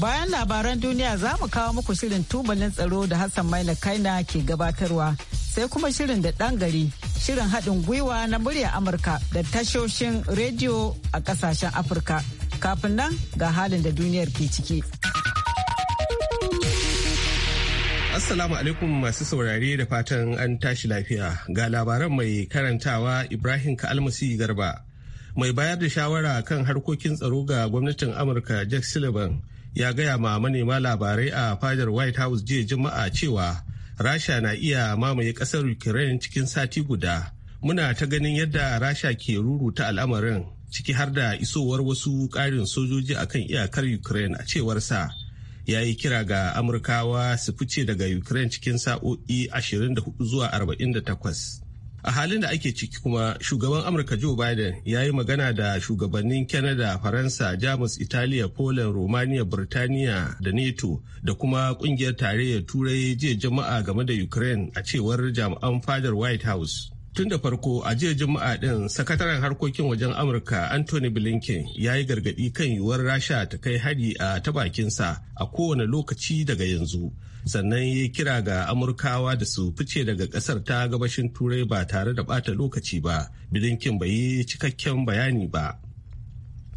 Bayan labaran duniya za mu kawo muku shirin tubalin tsaro da Hassan Maina Kaina ke gabatarwa sai kuma shirin da ɗan gari shirin haɗin gwiwa na murya Amurka da tashoshin rediyo a ƙasashen Afirka. Kafin nan ga halin da duniyar ke ciki. Assalamu alaikum masu saurare da fatan an tashi lafiya ga labaran mai karantawa Ibrahim Ka'almasi Garba. mai bayar da shawara kan harkokin tsaro ga gwamnatin amurka jack sullivan ya gaya ma manema labarai a fadar white house jiya juma'a cewa rasha na iya mamaye kasar ukraine cikin sati guda muna ta ganin yadda rasha ke ruruta al'amarin ciki har da isowar wasu ƙarin sojoji akan iyakar ukraine a cewar sa ya yi kira ga amurkawa su fice daga ukraine cikin sa'o'i 24 zuwa 48 a halin da ake ciki kuma shugaban amurka joe biden ya yi magana da shugabannin canada faransa jamus italiya poland romania birtaniya da nato da kuma kungiyar tarayyar turai jiya jama'a game da ukraine a cewar jami'an fadar white house tun da farko a jiya juma'a din sakataren harkokin wajen amurka anthony blinken ya yi gargadi kan yiwuwar rasha ta kai hari a ta bakinsa a kowane lokaci daga yanzu sannan ya kira ga amurkawa da su fice daga kasar ta gabashin turai ba tare da bata lokaci ba bilinkin bai yi cikakken bayani ba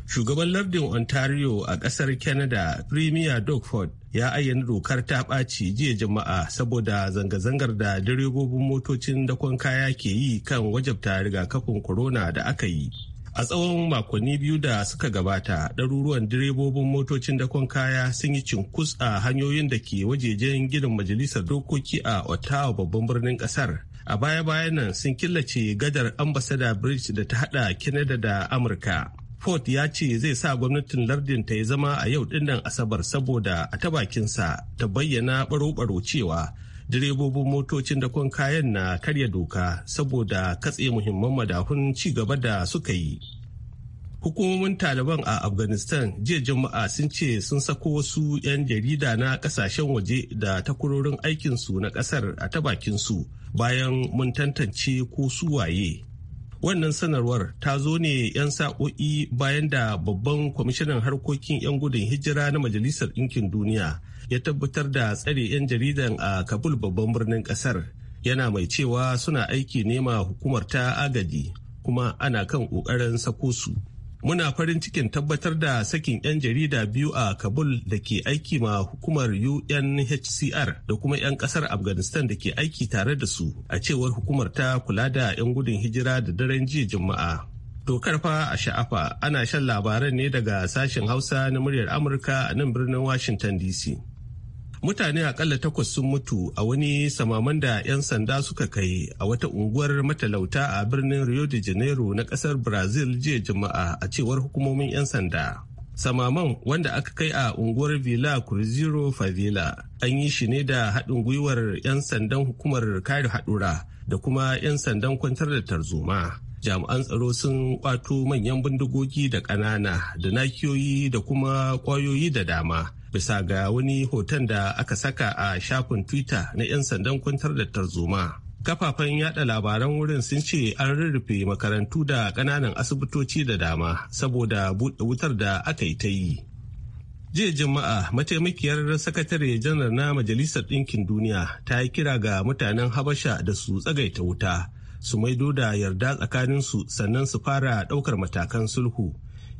shugaban lardin ontario a kasar canada premier doug ford ya ayyana dokar ta ɓaci jiya jama'a saboda zanga-zangar da direbobin motocin dakon kaya ke yi kan wajabta rigakafin corona da aka yi a tsawon makonni biyu da suka gabata ɗaruruwan direbobin motocin dakon kaya sun yi cinkus a hanyoyin da ke wajejen gidan majalisar dokoki a ottawa babban birnin ƙasar a baya-bayan nan sun killace gadar ambasada bridge da ta hada canada da amurka Ford ya ce zai sa gwamnatin lardin ta yi zama a yau dinnan Asabar saboda a ta bakinsa ta bayyana baro-baro cewa direbobin motocin da kun kayan na karya doka saboda katse muhimman madahun ci gaba da suka yi hukumomin taliban a afghanistan jiya juma'a sun ce sun sako wasu 'yan jarida na kasashen waje da takwarorin aikinsu na kasar a ta bakinsu bayan mun tantance ko su waye wannan sanarwar ta zo ne 'yan sa'o'i bayan da babban kwamishinan harkokin 'yan gudun hijira na majalisar ɗinkin duniya ya tabbatar da tsare 'yan jaridan a kabul babban birnin ƙasar yana mai cewa suna aiki nema hukumar ta agaji kuma ana kan ƙoƙarin sako su muna farin cikin tabbatar da sakin 'yan jarida biyu a kabul da ke aiki ma hukumar unhcr da kuma 'yan kasar afghanistan da ke aiki tare da su a cewar hukumar ta kula da 'yan gudun hijira da daren jiya juma'a dokar fa a sha'afa ana shan labaran ne daga sashen hausa na muryar amurka a nan birnin washington dc mutane akalla takwas sun mutu a wani samaman da 'yan sanda suka kai a wata unguwar matalauta a birnin rio de janeiro na kasar brazil jiya juma'a a cewar hukumomin 'yan sanda samaman wanda aka kai a unguwar villa cruzeiro favela an yi shi ne da haɗin gwiwar 'yan sandan hukumar kare haɗura da kuma 'yan sandan kwantar da tarzoma jami'an tsaro sun kwato manyan bindigogi da ƙanana da nakiyoyi da kuma ƙwayoyi da dama bisa ga wani hoton da aka saka a shafin twitter na 'yan sandan kwantar da tarzoma kafafen yada labaran wurin sun ce an rurrufe makarantu da kananan asibitoci da dama saboda buɗe wutar da aka yi ta yi jiya juma'a mataimakiyar sakatare janar na majalisar ɗinkin duniya ta yi kira ga mutanen habasha da su tsagaita wuta su maido da yarda tsakaninsu sannan su fara ɗaukar matakan sulhu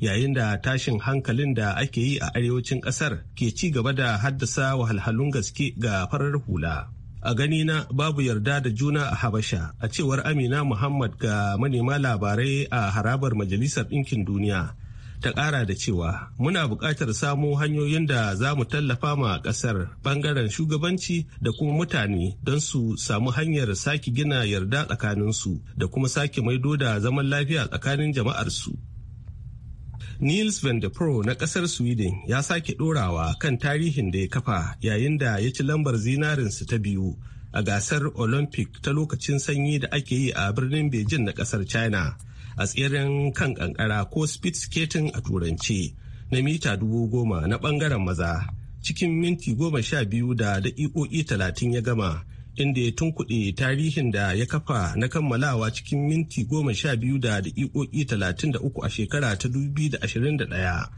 yayin da tashin hankalin da ake yi a arewacin kasar ke ci gaba da haddasa wahalhalun gaske ga farar hula. A ganina babu yarda da juna a Habasha a cewar Amina Muhammad ga manema labarai a harabar Majalisar Ɗinkin Duniya. Ta ƙara da cewa muna buƙatar samo hanyoyin da za mu tallafa ma ƙasar ɓangaren shugabanci da kuma mutane don su samu hanyar sake gina yarda tsakaninsu da kuma sake maido da zaman lafiya tsakanin jama'arsu. Nils van der Pro na kasar Sweden ya sake ɗorawa kan tarihin da ya kafa yayin da ya ci lambar zinarinsa ta biyu a gasar Olympic ta lokacin sanyi da ake yi a birnin Beijing na kasar China a tseren kan kankara ko speed skating a turance na mita dubu goma na bangaren maza cikin minti goma sha biyu da daƙiƙoƙi talatin ya gama inda ya tunkuɗe tarihin da ya kafa na kammalawa cikin minti goma sha biyu da daƙiƙoƙi talatin da uku a shekara ta dubi da ashirin da ɗaya.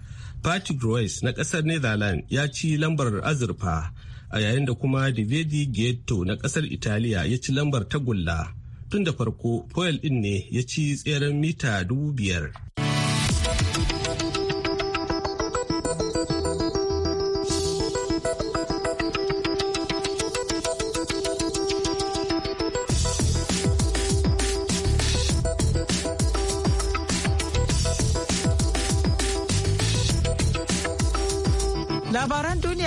Patrick Royce na ƙasar Netherlands ya ci lambar azurfa a yayin da kuma Davide Ghetto na ƙasar Italiya ya ci lambar tagulla. Tun da farko, Poel ɗin ne ya ci tseren mita dubu biyar.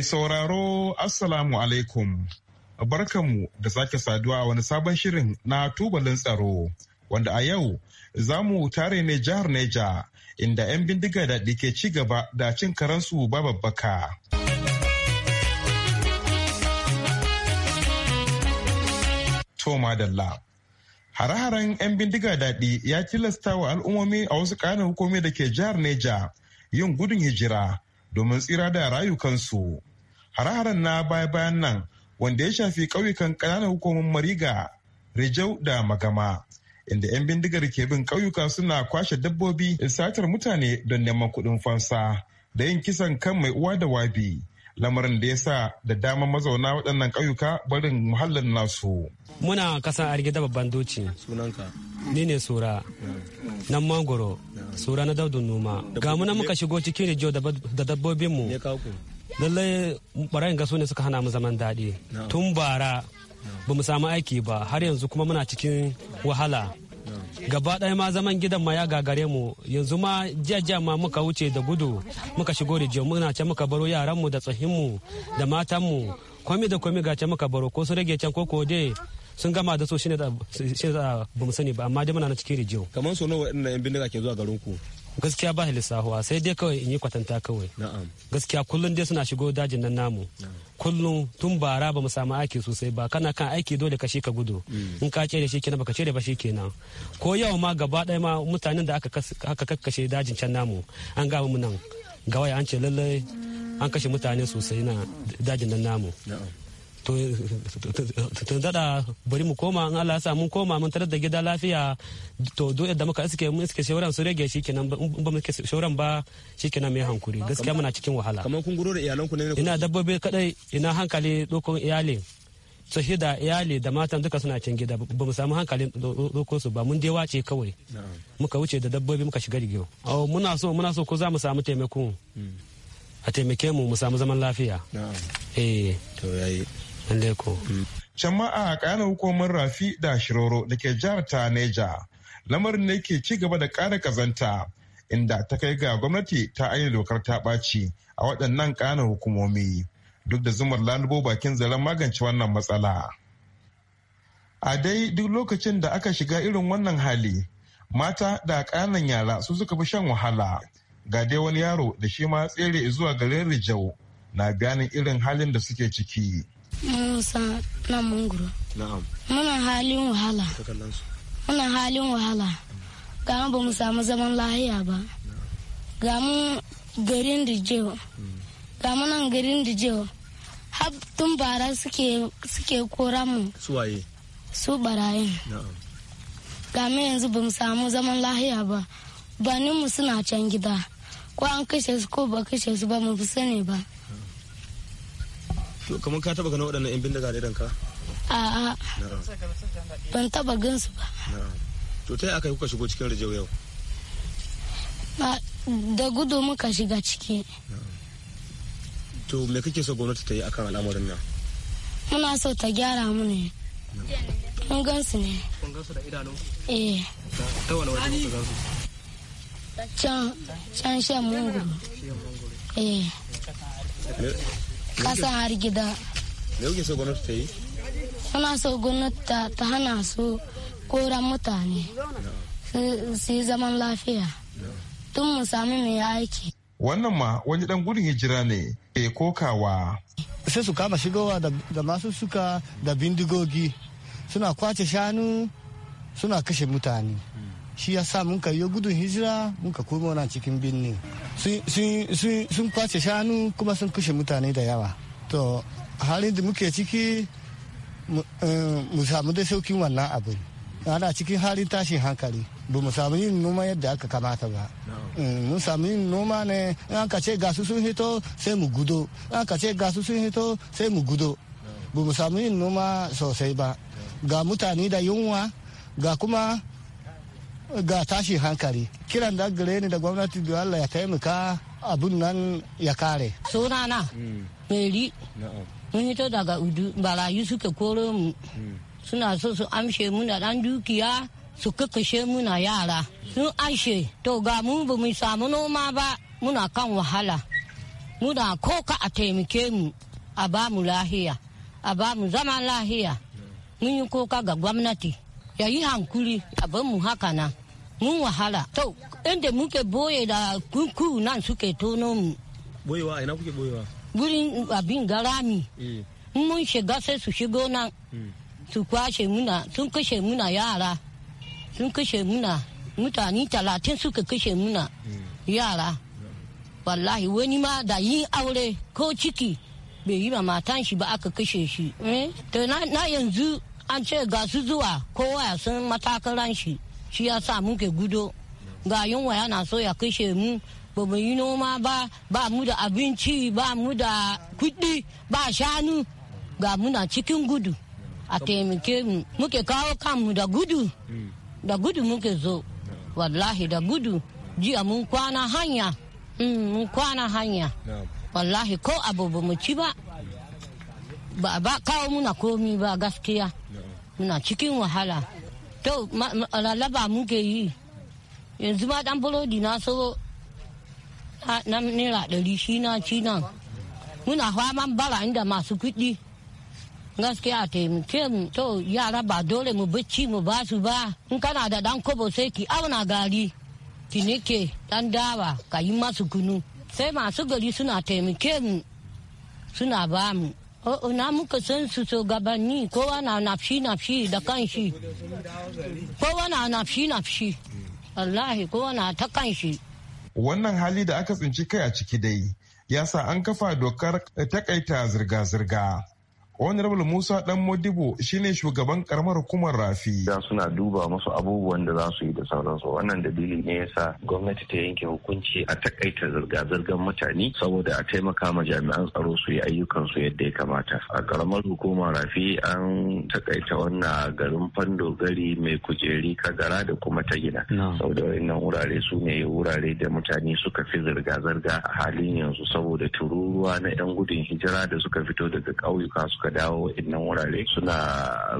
Mai sauraro Assalamu alaikum. Barkanmu da sake saduwa wani sabon shirin na tubalin tsaro wanda a yau za mu tare ne jihar Neja inda 'yan bindiga daɗi ke ci gaba da cin karansu ba babbaka. Toma Hare-haren 'yan bindiga daɗi ya tilasta wa al'ummomi a wasu ƙanan hukumi da ke jihar Neja yin gudun hijira domin tsira da rayukansu. hare-haren na baya-bayan nan wanda ya shafi ƙauyukan kananan hukumar mariga rijau da magama inda 'yan bindigar ke bin ƙauyuka suna kwashe dabbobi satar mutane don neman kuɗin fansa da yin kisan kan mai uwa da wabi lamarin da ya sa da dama mazauna waɗannan kauyuka barin muhallin nasu. Muna kasan argida babban doci. Sunanka. Ni ne Sura. Nan Mangoro. Sura na daudun noma. Ga muna muka shigo cikin rijiyo da dabbobinmu. lallai barayin gaso ne suka hana mu zaman daɗi tun bara ba mu samu aiki ba har yanzu kuma muna cikin wahala gaba ɗaya ma zaman gidan ma ya gagare mu yanzu ma jiya ma muka wuce da gudu muka shigo jiyo muna ce muka baro yaranmu da tsohinmu da matanmu kwami da kwami ga ce muka baro ko su rage can ko ko dai sun gama da so shine da ba mu sani ba amma dai muna na cikin rijiyo kamar so nawa ɗin yan bindiga ke zuwa garin ku gaskiya ba lissahuwa sai dai kawai in yi kwatanta kawai gaskiya kullum dai suna shigo dajin nan namu kullum tun bara ba mu samu aiki sosai ba kana kan aiki dole ka shi ka gudu mm. in ka cire shi kenan baka cire ba shi kenan ko yau ma gaba ɗaya ma mutanen da aka kakkashe dajin can namu an gaba mu nan ga an ce lallai an kashe mutane sosai na dajin nan namu to dada bari mu koma an Allah sa mun koma mun tarar da gida lafiya to do yadda muka iske mun iske shauran su rage shikenan in ba mu iske shauran ba shikenan mai hankuri gaskiya muna cikin wahala kamar kun gudu da iyalan ku ne ina dabbobi kadai ina hankali dokon iyali tsaye da iyali da matan duka suna cikin gida ba mu samu dokon su ba mun dai wace kawai muka wuce da dabbobi muka shiga rigiyo muna so muna so ko za mu samu taimako hmm. a taimake mu mu samu zaman lafiya eh to yayi lalle ko can a kana hukumar rafi da shiroro da ke jihar ta neja lamarin ne ke ci gaba da ƙara kazanta inda ta kai ga gwamnati ta aini dokar ta ɓaci a waɗannan ƙana hukumomi duk da zumar lalubo bakin zaren magance wannan matsala a dai duk lokacin da aka shiga irin wannan hali mata da ƙananan yara su suka fi shan wahala ga dai wani yaro da shi ma tsere zuwa garin rijau na bayanin irin halin da suke ciki musa na munguru muna halin wahala muna halin wahala ga mu ba mu samu zaman lahiya ba ga mu garin dijewa ga mu nan garin dijewa har tun bara suke kora mu suwaye su barayin ga mu yanzu ba mu samu zaman lahiya ba mu suna can gida ko an kashe su ko ba kashe su ba mu fi sani ba to kamar ka taba ganin waɗannan yan bindiga da idan ka a'a ban taba gansu ba to ta yi aka yi kuka shigo cikin rijiyar yau da gudu muka shiga ciki to me kake so gwamnati ta yi akan al'amarin nan muna so ta gyara mu ne mun gansu ne kun su da idanu eh ta wani wajen kuka gansu can can shan mungu. eh kasa har gida me kuke so gwamnati ta yi so gwamnati ta hana su koran mutane su yi zaman lafiya tun mu sami mai aiki wannan ma wani dan gudun hijira ne ke kokawa sai su kama shigowa da masu suka da bindigogi suna kwace shanu suna kashe mutane shi ya sa mun yi gudun hijira ka koma wani cikin birni sun kwace shanu kuma sun kashe mutane da yawa to halin da muke ciki mu eh, samu da saukin wannan abin ana cikin halin tashin hankali ba mu samu yin noma yadda aka kamata ba eh, mun samu yin noma ne in aka ce gasu sun hito sai mu gudo in aka ce gasu sun hito sai mu gudo ba mu samu yin noma sosai ba ga mutane da yunwa ga kuma ga tashi hankali kiran da gare ni da gwamnati da Allah ya taimaka abun nan ya kare sunana meri hmm. mun hito daga udu barayu suke koro mu hmm. suna so su amshe muna dan dukiya su kakashe muna yara sun ashe to ga mu ba mu samu noma ba muna kan wahala muna koka a taimake mu a ba mu lahiya a ba zaman lahiya mun yi koka ga gwamnati ya yi hankuri abin mu haka na mun wahala to inda muke boye da kuku nan suke tono mu boyewa ina kuke boyewa wurin abin garami eh. mun shiga sai su shigo nan hmm. su kwashe muna sun kashe muna yara sun kashe muna mutane talatin suka kashe muna hmm. yara wallahi wani ma da yi aure ko ciki bai yi ma matan shi ba aka kashe shi eh, to na yanzu an ce ga su zuwa kowa ya sun matakan ranshi shi ya sa muke gudo ga yunwa yana so ya kashe mu ba mu yi noma ba ba mu da abinci ba mu da kuɗi ba shanu ga muna cikin gudu a taimake mu muke kawo kanmu da gudu da gudu muke zo wallahi da gudu jiya mun kwana hanya mm, mun kwana hanya wallahi ko abu ba mu ci ba ba kawo muna komi ba gaskiya muna cikin wahala to ralaba muke yi yanzu ma dan burodi na so na naira ɗari shi na ci nan muna faman bara inda masu kuɗi gaskiya taimake mu to yara ba dole mu bacci mu ba su ba in kana da dan kobo sai ki auna gari ki nike dan dawa ka yi masu kunu sai masu gari suna taimake mu suna ba mu Oh, na muka san su shugabanni kowa na nafshi-nafshi da kanshi. Kowa na nafshi-nafshi. Wallahi kowa na ta kanshi. Wannan hali da aka tsinci kai a ciki dai ya sa an kafa dokar takaita zirga-zirga. honorable musa dan modibo shine shugaban karamar hukumar rafi da suna duba masu abubuwan da za su yi da sauransu wannan dalili ne ya sa. gwamnati ta yanke hukunci a takaita zirga-zirgar mutane saboda a taimaka ma jami'an tsaro su yi ayyukan su yadda ya kamata a karamar hukumar rafi an takaita wannan garin fando gari mai kujeri kagara da kuma ta gina saboda wannan wurare su ne wurare da mutane suka fi zirga-zirga a halin yanzu saboda tururuwa na 'yan gudun hijira da suka fito daga ƙauyuka suka dawo waɗannan wurare suna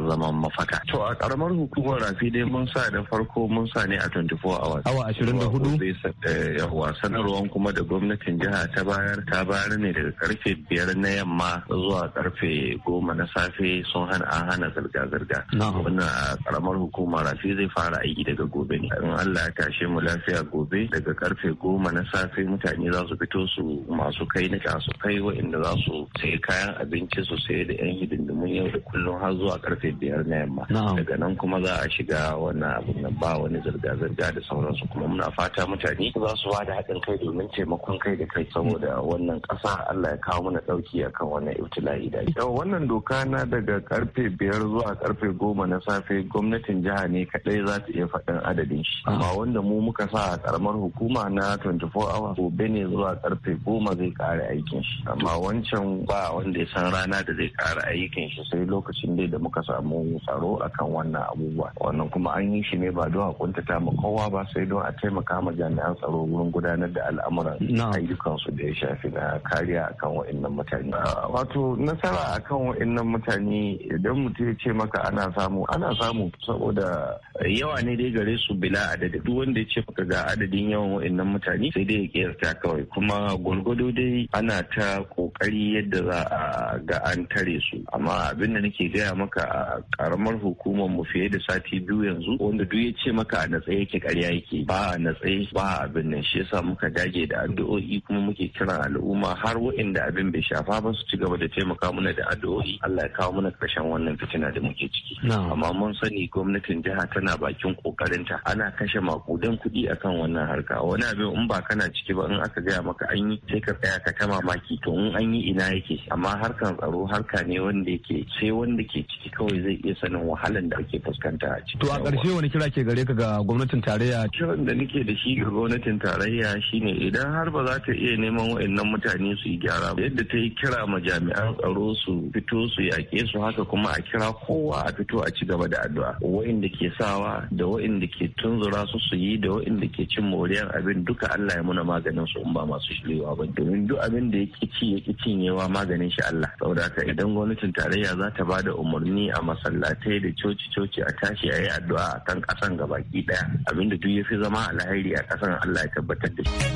zama mafaka. To a karamar hukumar rafi dai mun sa da farko mun sa ne a 24 hours. Awa 24? Yawa sanarwar kuma da gwamnatin jiha ta bayar ta bayar ne daga karfe biyar na yamma zuwa karfe goma na safe sun hana an hana zirga-zirga. Wannan a karamar hukumar rafi zai fara aiki daga gobe ne. In Allah ya tashe mu lafiya gobe daga karfe goma na safe mutane za su fito su masu kai na kasu kai wa'inda za su sayi kayan abinci su sayi da 'yan hidindimun yau da kullum har zuwa karfe biyar na yamma daga nan kuma za a shiga wani abu na ba wani zirga-zirga da sauransu kuma muna fata mutane za su bada haɗin kai domin taimakon kai da kai saboda wannan ƙasa Allah ya kawo mana ɗauki akan wannan ibtila'i da yau wannan doka na daga karfe biyar zuwa karfe goma na safe gwamnatin jiha ne kaɗai za ta iya faɗin adadin shi amma ah. wanda mu muka sa a karamar hukuma na 24 hours gobe ne zuwa karfe goma zai ƙare aikin shi amma wancan ba wanda ya san rana da zai ƙare tsara ayyukan shi sai lokacin dai da muka samu tsaro akan wannan abubuwa wannan kuma an yi shi ne ba don a kuntata ma kowa ba sai don a taimaka ma jami'an tsaro wurin gudanar da al'amuran ayyukan su da ya shafi na kariya akan wa'annan mutane wato nasara akan wa'annan mutane idan mutum ya ce maka ana samu ana samu saboda yawa ne dai gare su bila adadi duk wanda ya ce maka ga adadin yawan wa'annan mutane sai dai ya kiyarta kawai kuma gwargwado dai ana ta kokari yadda za a ga an tare kare su amma abin da nake gaya maka a karamar hukumar mu fiye da sati biyu yanzu wanda duk ya ce maka a natsa yake karya yake ba a natsayi ba abin nan shi yasa muka dage da addu'o'i kuma muke kiran al'umma har wa'inda abin bai shafa ba su ci gaba da taimaka mana da addu'o'i Allah ya kawo mana karshen wannan fitina da muke ciki amma mun sani gwamnatin jiha tana bakin kokarinta ana kashe makudan kuɗi akan wannan harka wani abin in ba kana ciki ba in aka gaya maka an yi sai ka tsaya ka ta mamaki to in an yi ina yake amma harkan tsaro harka mutane wanda ke sai wanda ke ciki kawai zai iya sanin wahalan da ake fuskanta a ciki. To a ƙarshe wani kira ke gare ka ga gwamnatin tarayya? Kiran da nake da shi ga gwamnatin tarayya shine idan har ba za ta iya neman wa'annan mutane su yi gyara ba yadda ta yi kira ma jami'an tsaro su fito su yaƙe su haka kuma a kira kowa a fito a ci gaba da addu'a wa'inda ke sawa da wa'inda ke tunzura su su yi da wa'inda ke cin moriyar abin duka Allah ya muna maganin su in ba masu shirewa ba domin duk abin da ya ƙi ci ya ƙi cinyewa maganin shi Allah saboda haka idan idan gwamnatin tarayya za ta bada umarni a masallatai da coci-coci a tashi a yi addu'a a kan ga baki daya abinda duk ya fi zama alhairi a kasan Allah ya tabbatar da shi.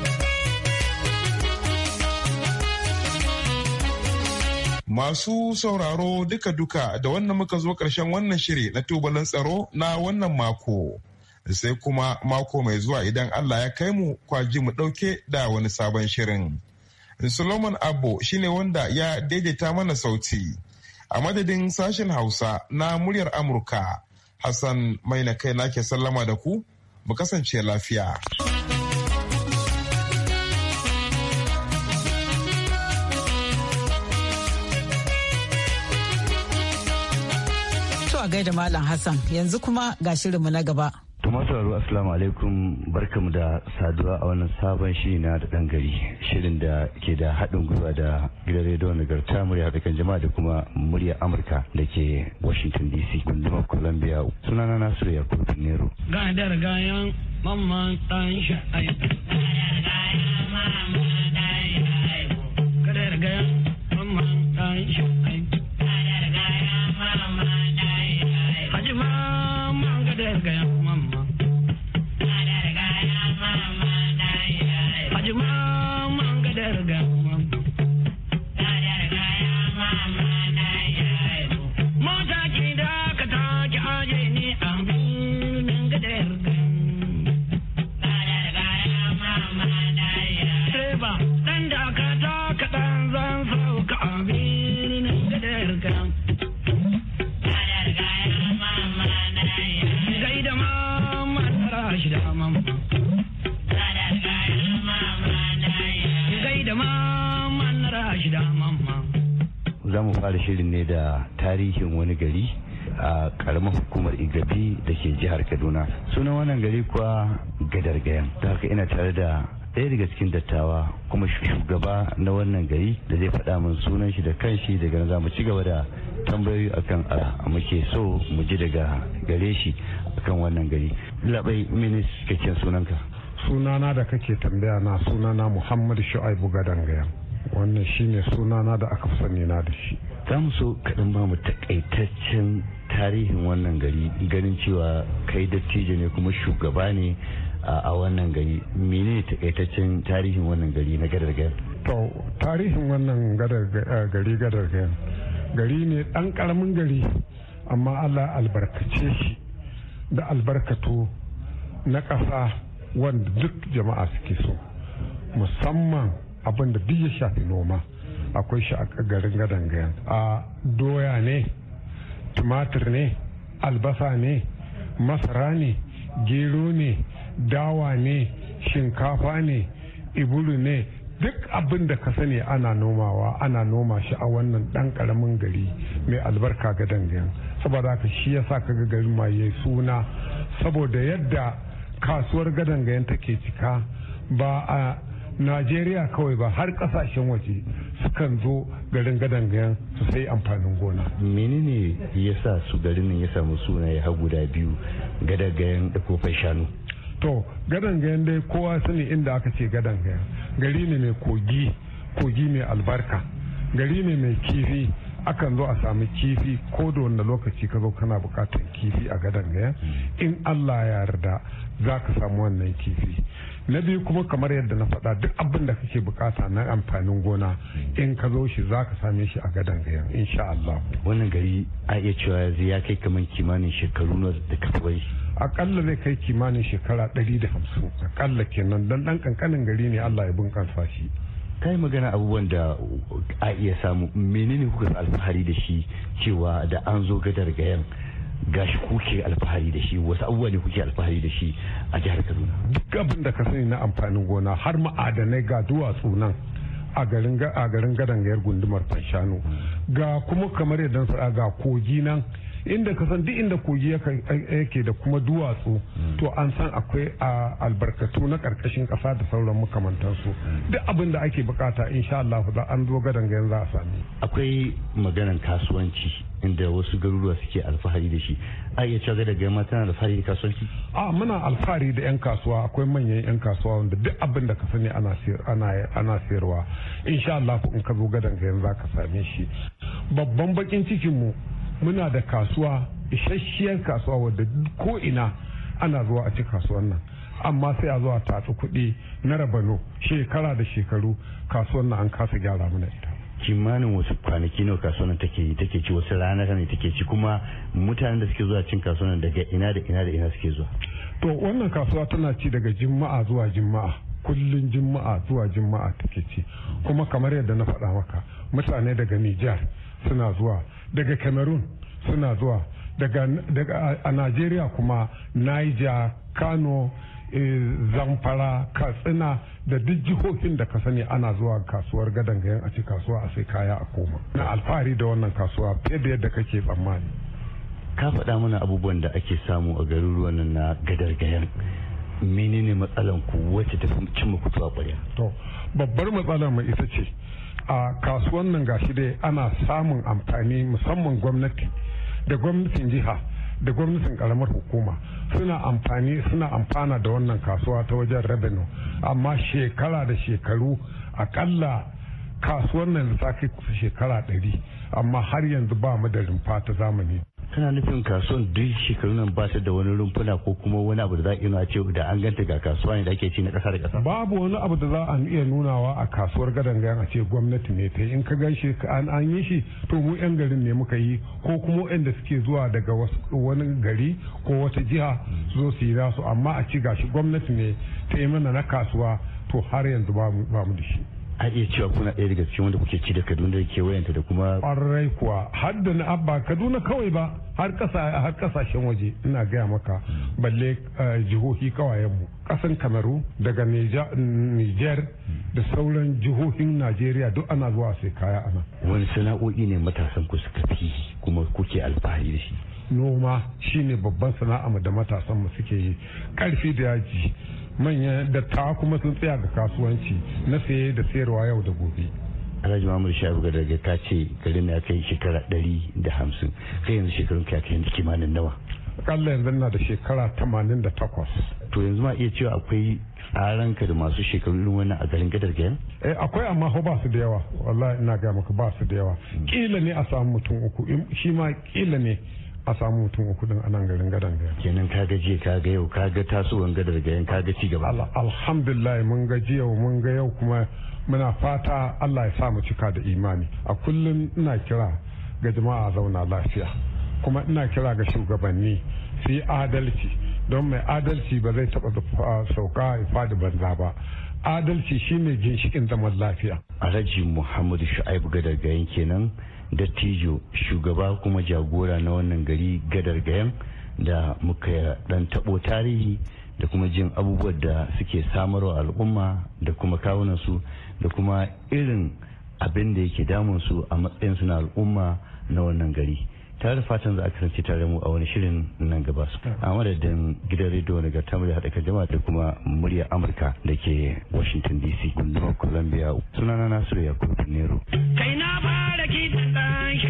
Masu sauraro duka-duka da wannan muka zo karshen wannan shiri na tubalin tsaro na wannan mako. Sai kuma mako mai zuwa idan Allah ya kai mu kwaji mu ɗauke da wani sabon shirin. solomon abbo shine wanda ya daidaita mana sauti a madadin sashen hausa na muryar amurka hassan mai na kai nake sallama da ku mu kasance lafiya a gaida Malam Hassan yanzu kuma ga shirinmu na gaba. masu sauraro assalamu alaikum barkamu da saduwa a wannan sabon shiri na da dan gari shirin da ke da haɗin gwiwa da gidan rediyo nagarta murya kan jama'a da kuma murya amurka da ke washington dc gundumar columbia sunana nasiru yakubu nero ga da gayan mamman ɗan ga da gayan mamman ɗan ɗaya daga cikin dattawa kuma shugaba na wannan gari da zai faɗa min sunan shi da kanshi daga nan za ci gaba da tambayoyi akan a muke so mu ji daga gare shi akan wannan gari labai minis cikakken sunanka sunana da kake tambaya na sunana muhammad shu'aibu gadangayan wannan shine sunana da aka sani na da shi za mu so kaɗan ba mu takaitaccen tarihin wannan gari ganin cewa kai dattijo ne kuma shugaba ne a wannan gari menene takaitaccen tarihin wannan gari na gadar to tarihin wannan gari gadar gari ne dan karamin gari amma allah albarkace shi da albarkatu na ƙasa wanda duk jama'a suke so musamman abin da duk ya shafi noma akwai shi a garin gadan gayan a doya ne tumatir ne albasa ne masara ne gero ne dawa ne shinkafa ne iburu ne duk abin da ka sani ana nomawa ana noma shi a wannan dan karamin gari mai albarka ga dangayen saboda haka shi ya sa kaga garin ma ya suna saboda yadda kasuwar gadangayen take cika ba a najeriya kawai ba har kasashen waje sukan zo garin gayan su sai amfanin gona menene ya sa su garin ya samu suna ya da biyu gayan da kofar shanu to gadon gayan dai kowa sani inda aka ce gayan. gari ne mai kogi kogi mai albarka gari ne mai kifi akan zo a sami kifi ko da wanda lokaci ka zo kana bukatar kifi a gadon gayan in allah ya yarda za ka samu wannan kifi na biyu kuma kamar yadda na faɗa duk abin da kake bukata na amfanin gona in ka zo shi za ka same shi a gadon gayan insha Allah wannan gari a iya cewa ya kai kamar kimanin shekaru na da ka bai akalla zai kai kimanin shekara ɗari da 150 akalla kenan dan ɗan kankanin gari ne Allah ya bunƙasa shi ka yi magana abubuwan da a iya samu menene kuka alfahari da shi cewa da an zo gadar gayan gashi kuke alfahari da shi wasu abubuwa ne kuke alfahari da shi a jihar kaduna duk abin da ka sani na amfanin gona har ma'adanai ga duwatsu nan a garin gadangayar gundumar fanshano ga kuma kamar yadda ga kogi nan inda ka san duk inda kogi yake da kuma duwatsu hmm. to an san akwai albarkatu na karkashin kasa da sauran makamantansu hmm. duk abin da ake bukata insha Allah da an zo gadan ga yanzu a sami akwai maganan kasuwanci inda wasu garuruwa suke alfahari da shi a iya cewa da gama tana da da kasuwanci a muna alfahari da yan kasuwa akwai manyan yan kasuwa wanda duk abin da ka sani ana ana ana sayarwa insha Allah in ka zo gadan ga yanzu ka same shi babban bakin cikin mu muna da kasuwa isasshiyar kasuwa wadda ko ina ana zuwa a ci kasuwar nan amma sai a zuwa a tatsi kuɗi na rabano shekara da shekaru kasuwar nan an kasa gyara mana ita kimanin wasu kwanaki nawa kasuwar take yi take ci wasu ranar ne take ci kuma mutanen da suke zuwa cin kasuwar daga ina da ina da ina suke zuwa to wannan kasuwa tana ci daga juma'a zuwa juma'a kullun juma'a zuwa juma'a take ci kuma kamar yadda na faɗa maka mutane daga Nijar suna zuwa daga cameroon suna zuwa daga a nigeria kuma niger kano eh, zamfara katsina da duk jihohin da ka sani ana zuwa kasuwar gadon gayan a ci kasuwa a sai kaya a koma na alfahari da wannan kasuwa fiye da yadda kake tsammani ka faɗa mana abubuwan da ake samu a garuruwan nan na gadar gayan menene matsalan ku wacce ta cin muku a ƙwarya to babbar matsalar mai ita ce a kasuwan nan gashi dai ana samun amfani musamman gwamnati da gwamnatin jiha da gwamnatin karamar hukuma suna amfani suna amfana da wannan kasuwa ta wajen rabinu amma shekara da shekaru akalla kasuwan nan da ta kai kusa shekara ɗari amma har yanzu ba mu da rumfa ta zamani kana nufin kasuwan duk shekarun nan ba ta da wani rumfuna ko kuma wani abu da za a ce da an ganta ga kasuwa ne da ake ci na kasa da kasa babu wani abu da za a iya nunawa a kasuwar gadan gayan a ce gwamnati ne ta in ka gaishe an an yi shi to mu yan garin ne muka yi ko kuma yan da suke zuwa daga wani gari ko wata jiha su zo su yi nasu amma a ci gashi gwamnati ne ta yi mana na kasuwa to har yanzu ba mu da shi a iya cewa kuna ɗaya daga cikin wanda kuke ci da kaduna da kewayenta da kuma ƙwarai kuwa har da na abba kaduna kawai ba har har kasashen waje ina gaya maka balle eh, jihohi kawayenmu ƙasan kamaru daga niger da sauran jihohin najeriya duk ana zuwa sai kaya ana wani sana'o'i ne matasan ku suka fi kuma kuke alfahari da shi noma shine babban sana'a da matasan mu suke yi karfi da yaji manyan ta kuma sun tsaya ga kasuwanci na saye da sayarwa yau da gobe alhaji mamur shabu ga daga ka ce garin ya kai shekara ɗari da hamsin kai yanzu shekarun ka kai kimanin nawa akalla yanzu na da shekara tamanin da takwas to yanzu ma iya cewa akwai tsaran ka da masu shekarun wani a garin gadar gayan eh akwai amma ho ba su da yawa wallahi ina ga maka ba su da yawa hmm. kila ne a samu mutum uku shi ma kila ne a samu mutum uku din anan garin gadan gaya kenan ka ga ka ga yau ka ga tasowar gadar gayan ka ga ci gaba alhamdulillah mun ga jiya mun ga yau kuma muna fata Allah ya sa mu cika da imani a kullum ina kira ga jama'a zauna lafiya kuma ina kira ga shugabanni su yi adalci don mai adalci ba zai taba sauka ya fadi banza ba adalci shine ginshikin zaman lafiya alhaji muhammadu shu'aibu gadar gayan kenan dattijo shugaba kuma jagora na wannan gari gadar gayan da muka dan tabo tarihi da kuma jin abubuwan da suke samarwa al'umma da kuma kawunansu da kuma irin abin da yake damunsu a matsayin suna al'umma na wannan gari tare fatan za a kasance tare mu a wani shirin nan gaba a madadin gidan rediyo daga tamar haɗa haɗaka jama'a da kuma murya amurka da ke washington dc gundumar columbia sunana nasiru yakubu nero kai na fara kitan shi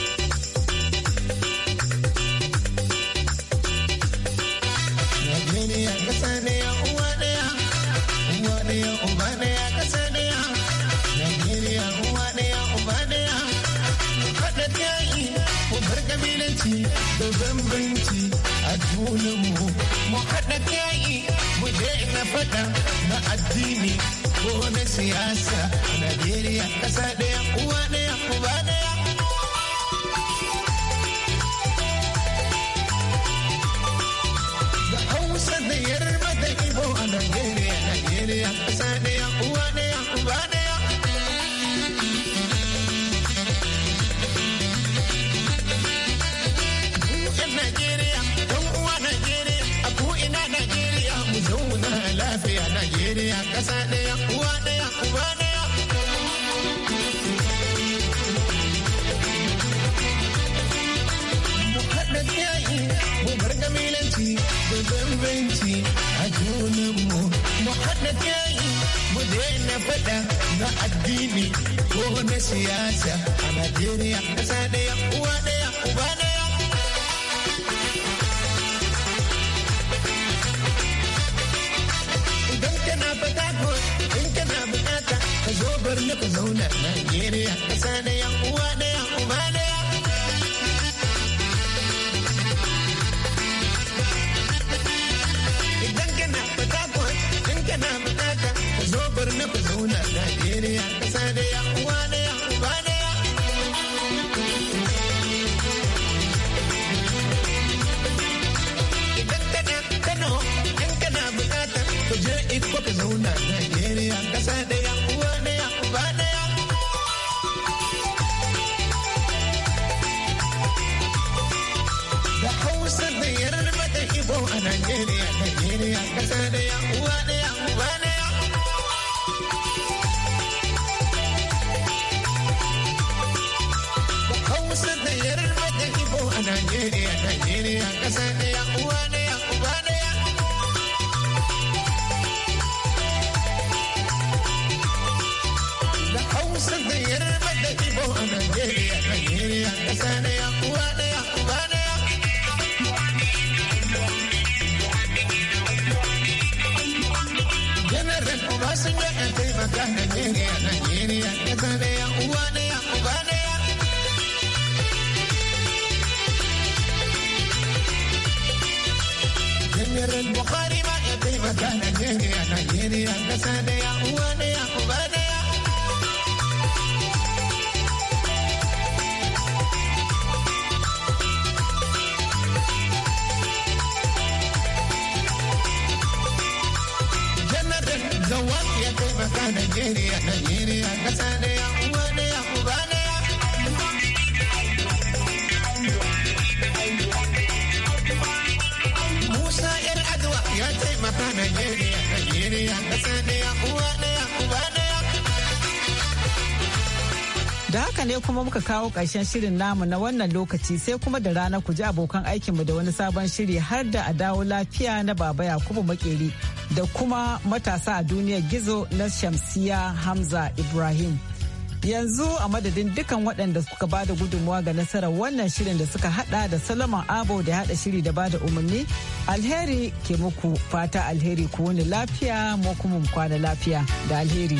da bambanci a junanmu mu haɗa kai mu daina faɗa na addini ko na siyasa Najeriya ƙasa ɗaya uwa ɗaya uba ɗaya na faɗa na addini ko na siyasa a Najeriya ƙasa ɗaya uwa ɗaya uba ɗaya. Idan kana fata ko in kana bukata ka zo bar na ka zauna Najeriya ƙasa ɗaya uwa ɗaya uba ɗaya. so a Najeriya, Najeriya kasa daya, uwa ya uba daya. Hausa da Yarba da Ibo a Najeriya, Najeriya kasa daya. Najeriya, Najeriya, kasa Musa ‘yar adwa ya taimaka nigeria Najeriya, kasa uwa daya, daya. Da haka ne kuma muka kawo ƙarshen shirin namu na wannan lokaci sai kuma da rana ku ji abokan aikinmu da wani sabon shiri har da a dawo lafiya na baba Yakubu Makeri. da kuma matasa a duniyar gizo na Shamsiya Hamza Ibrahim. Yanzu a madadin dukan waɗanda suka ba da gudunmawa ga nasarar wannan shirin da suka hada da salaman Abo da hada shiri da ba da umarni, alheri ke muku fata alheri ku wani lafiya mu kuma kwana lafiya da alheri.